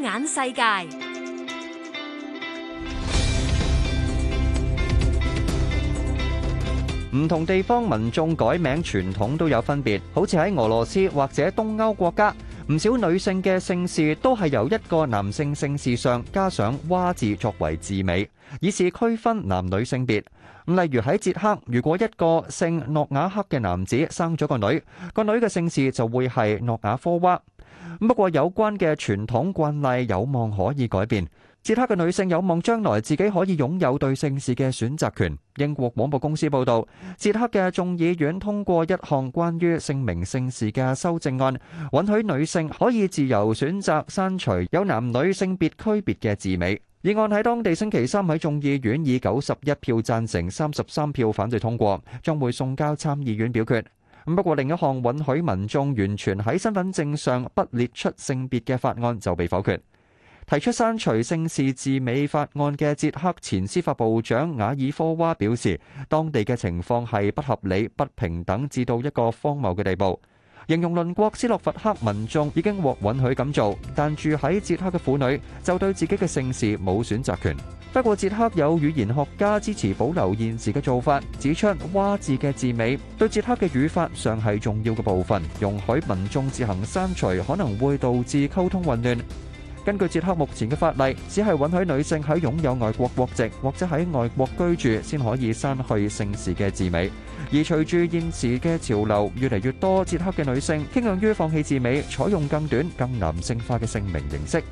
眼世界，唔同地方民眾改名傳統都有分別。好似喺俄羅斯或者東歐國家，唔少女性嘅姓氏都係由一個男性姓氏上加上蛙字作為字尾，以示區分男女性別。咁例如喺捷克，如果一個姓諾瓦克嘅男子生咗個女，個女嘅姓氏就會係諾瓦科娃。不過有關嘅傳統慣例有望可以改變，捷克嘅女性有望將來自己可以擁有對姓氏嘅選擇權。英國廣播公司報道，捷克嘅眾議院通過一項關於姓名姓氏嘅修正案，允許女性可以自由選擇刪除有男女性別區別嘅字尾。議案喺當地星期三喺眾議院以九十一票贊成、三十三票反對通過，將會送交參議院表決。不過另一項允許民眾完全喺身份證上不列出性別嘅法案就被否決。提出刪除性別字尾法案嘅捷克前司法部長瓦爾科娃表示，當地嘅情況係不合理、不平等至到一個荒謬嘅地步。形容鄰國斯洛伐克民眾已經獲允許咁做，但住喺捷克嘅婦女就對自己嘅姓氏冇選擇權。不過捷克有語言學家支持保留現時嘅做法，指出蛙字嘅字尾對捷克嘅語法上係重要嘅部分，容許民眾自行刪除可能會導致溝通混亂。根據捷克目前嘅法例，只係允許女性喺擁有外國國籍或者喺外國居住先可以刪去姓氏嘅字尾。而隨住現時嘅潮流，越嚟越多捷克嘅女性傾向於放棄字尾，採用更短、更男性化嘅姓名形式。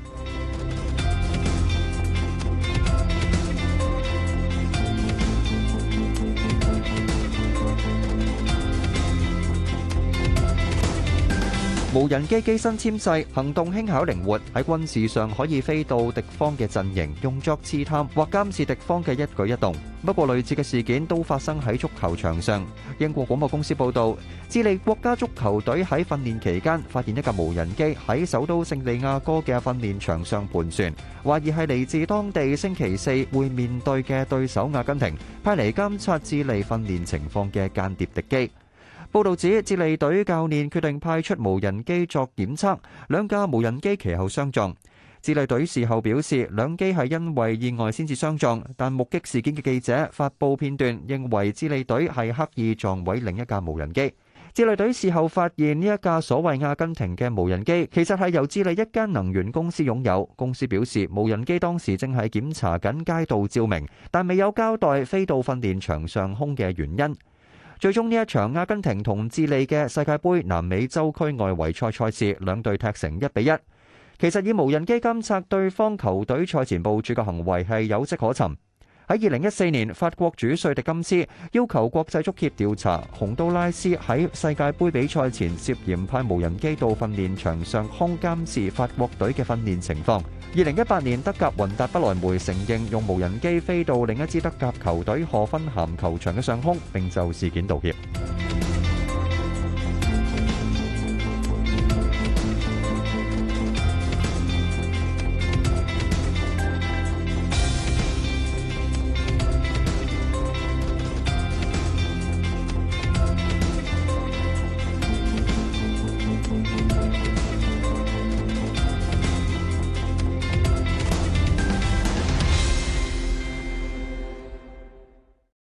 無人機機身纖細，行動輕巧靈活，喺軍事上可以飛到敵方嘅陣營，用作刺探或監視敵方嘅一舉一動。不過類似嘅事件都發生喺足球場上。英國廣播公司報道，智利國家足球隊喺訓練期間發現一架無人機喺首都聖地亞哥嘅訓練場上盤旋，懷疑係嚟自當地星期四會面對嘅對手阿根廷派嚟監察智利訓練情況嘅間諜敵機。報導指智利隊教練決定派出無人機作檢測，兩架無人機其後相撞。智利隊事後表示，兩機係因為意外先至相撞，但目擊事件嘅記者發布片段，認為智利隊係刻意撞毀另一架無人機。智利隊事後發現呢一架所謂阿根廷嘅無人機，其實係由智利一間能源公司擁有。公司表示，無人機當時正係檢查緊街道照明，但未有交代飛到訓練場上空嘅原因。最終呢一場阿根廷同智利嘅世界盃南美洲區外圍賽賽事，兩隊踢成一比一。其實以無人機監察對方球隊賽前部署嘅行為係有跡可尋。喺二零一四年，法國主帥迪金斯要求國際足協調查洪都拉斯喺世界盃比賽前涉嫌派無人機到訓練場上空監視法國隊嘅訓練情況。二零一八年，德甲雲達不萊梅承認用無人機飛到另一支德甲球隊賀芬咸球場嘅上空，並就事件道歉。